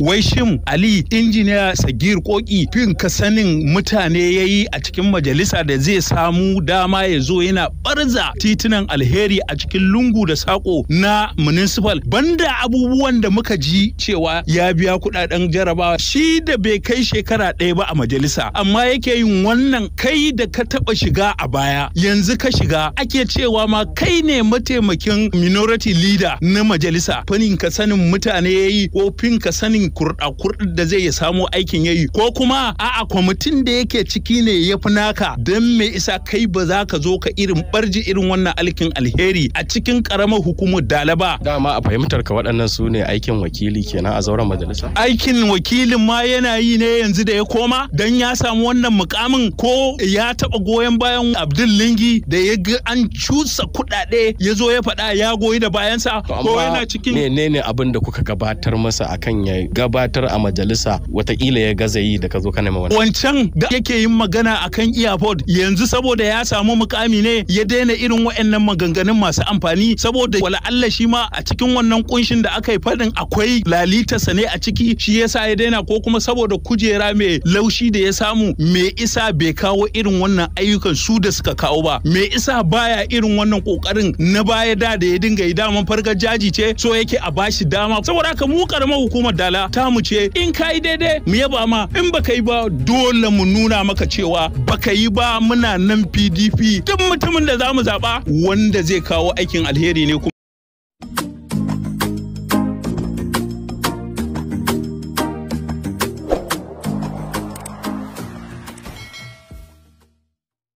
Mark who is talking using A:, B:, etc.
A: wai shin ali injiniya sagir koki fin ka sanin mutane ya yi a cikin majalisa da zai samu dama ya zo yana barza titunan alheri a cikin lungu da sako na municipal banda abubuwan da muka ji cewa ya biya kudaden jarabawa shi da bai kai shekara ɗaya ba a majalisa amma yake yin wannan kai da ka taba shiga a baya yanzu ka shiga ake cewa ma kai ne mataimakin minority leader na majalisa fanin ka sanin mutane ya yi ko fin ka sanin irin kurɗa da zai ya samo aikin yayi ko kuma a'a kwamitin da yake ciki ne ya fi naka don me isa kai ba za ka zo ka irin barji irin wannan alkin alheri a cikin karamar hukumar dalaba dama a fahimtar ka waɗannan su ne aikin wakili
B: kenan a zauren majalisa
A: aikin wakilin ma yana yi ne yanzu da ya koma don ya samu wannan mukamin ko ya taɓa goyon bayan abdul lingi da ya ga an cusa kuɗaɗe ya zo ya faɗa ya goyi da bayansa ko yana cikin
B: ne abin da kuka gabatar masa akan ya gabatar a majalisa watakila ya gaza yi da ka zo ka nema
A: Wancan da yake yin magana a akan earpod yanzu saboda ya samu mukami ne ya daina irin waɗannan maganganun masu amfani saboda wala Allah shi ma a cikin wannan kunshin da aka yi faɗin akwai lalitarsa ne a ciki shi yasa ya daina ko kuma saboda kujera mai laushi da ya samu me isa bai kawo irin wannan ayyukan su da suka kawo ba me isa baya irin wannan kokarin na baya da da ya dinga yi daman farkar jaji ce so yake a bashi dama saboda haka mu karamar hukumar dala ta mu ce in ka yi daidai mu yaba ma in baka yi ba dole mu nuna maka cewa baka yi ba muna nan PDP duk mutumin da za mu zaɓa wanda zai kawo aikin alheri ne kuma